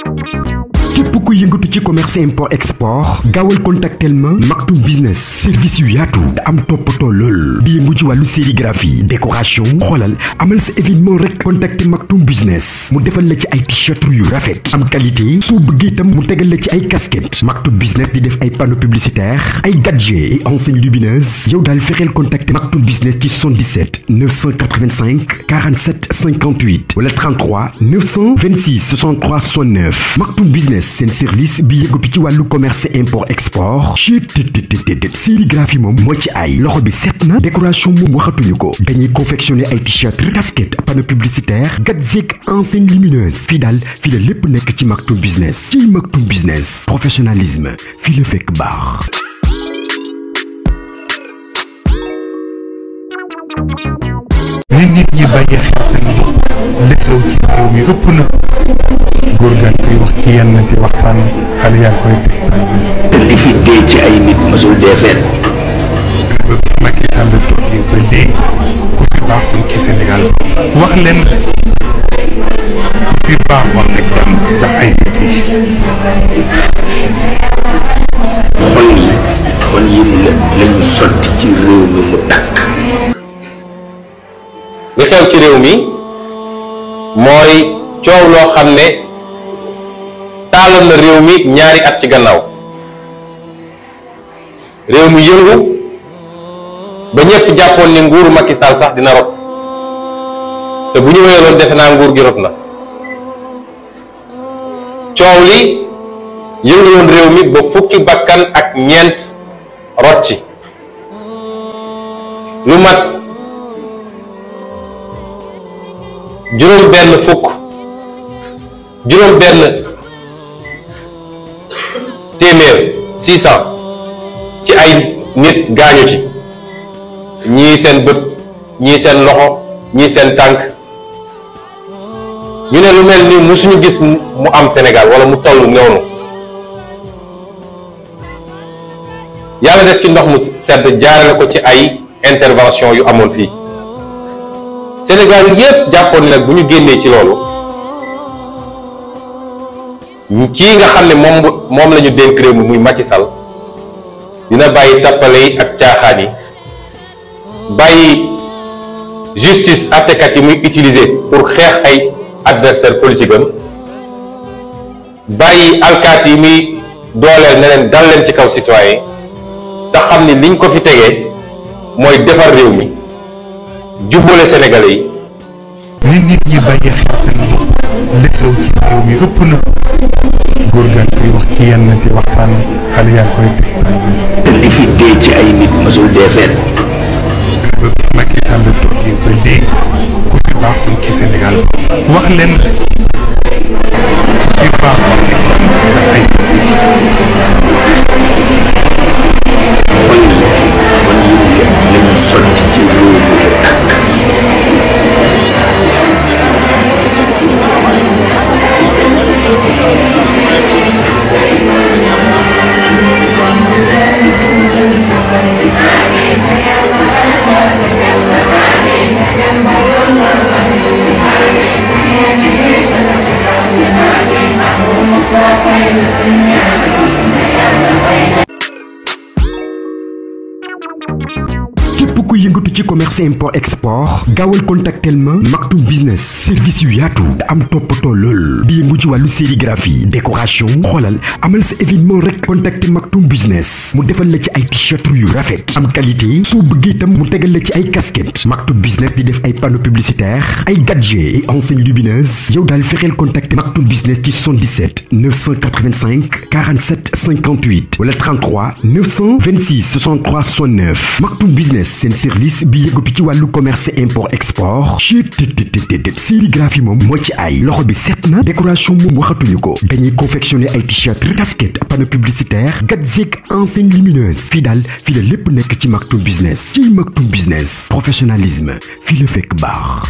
Thank you. kuy yëngatu ci commerce import export gaawal contactel tellement. Maktoum business service yu yaatu te am toppatoo lol. di yëngu ci sérigraphie décoration xoolal amal sa événement rek contacter Maktoum business mu defal la ci ay t-shirt yu rafet am qualité soo bëggee itam mu tegal la ci ay casquette Maktoum business di def ay panneaux publicitaires ay gadget et enseigne lumineuse yow dal fexeel contacter Maktoum business ci 77 985 47 58 wala 33 926 63 69 Maktoum business seen service bi yëngu ci walu commerce import export ci tëtëtëtëb sérigraphie mom mo ci ay loxo bi setna décoration mom waxatu ko dañuy confectionner ay t-shirt casquette panneau publicitaire gadget enseigne lumineuse fi dal fi la lépp ci Maktoum business ci Maktoum business professionnalisme fi le fek bar ni nit ñi bàyyi xel seen bopp li xew ci réew mi ëpp na góor gaa koy wax ci yenn di waxtaan xale yaa koy tegtal te li fi dee ci ay nit mësul dee fenn Macky Sall toog yi ba ku fi baaxul ci Sénégal wax leen ku fi baaxoon nag dem ay nit yi xol yi xol yi lañu sotti ci réew mi mu tàkk mi mooy coow loo xam ne taaloon na réew mi ñaari at ci gannaaw réew mi yëngu ba ñëpp jàppoon ni nguuru Macky Sall sax dina rob te bu ñu wéyaloon defe naa nguur gi rob na coow li yëngu réew mi ba fukki bakkan ak ñeent rot ci lu mat juróom benn fukk juróom benn téeméer six ci ay nit gaañu ci ñii seen bët ñii seen loxo ñii seen tànk ñu ne lu mel ni musuñu gis mu am senegal wala mu toll noonu yàlla def ci ndox mu sedd jaarale ko ci ay intervention yu amoon fii Sénégal yépp jàppoon nag bu ñu génnee ci loolu kii nga xam ne moom moom lañu ñu dénk réew mi muy Macky sal dina bàyyi tappale yi ak caaxaan yi bàyyi justice àttekat yi muy utiliser pour xeex ay adversaire politique am bàyyi alkaat yi muy dooleel na leen dal leen ci kaw citoyen te xam ni liñ ko fi tegee mooy defar réew mi jubbale Sénégalais yi. nit nit ñi bàyyi xel seen bopp li ci réew mi ëpp na góor gaa koy wax ci yenn di waxtaan xale yaa koy teg. te li fi ci ay nit mësul dee fenn. Macky Sall toogee ba léegi ku fi baaxul ci Sénégal wax leen ku fi baaxul Amen. ku yëngatu ci commerce import export gawal contactel ma maktu business service yu yaatu te am toppatoo lool di yëngu ci wàllu sérigraphie décoration xoolal amal sa événement rek contacte business mu defal la ci ay t-shirt yu rafet am qualité soo bëggee itam mu tegal la ci ay casquette maktu business di def ay panneaux publicitaire ay gadget et enseignes lumineuses yow daal fexeel contacte maktu business ci 77 985 47 58 wala 33 926 63 69 maktu business service bi de ci walu commerce import export ci de sérigraphie mom mo ci ay loxo bi setna décoration mom waxatuñu ko dañuy confectionner ay t-shirt casquette panneau publicitaire gadget enseigne lumineuse Fidal fille le la ci Maktoum business ci Maktoum business professionnalisme File fek bar.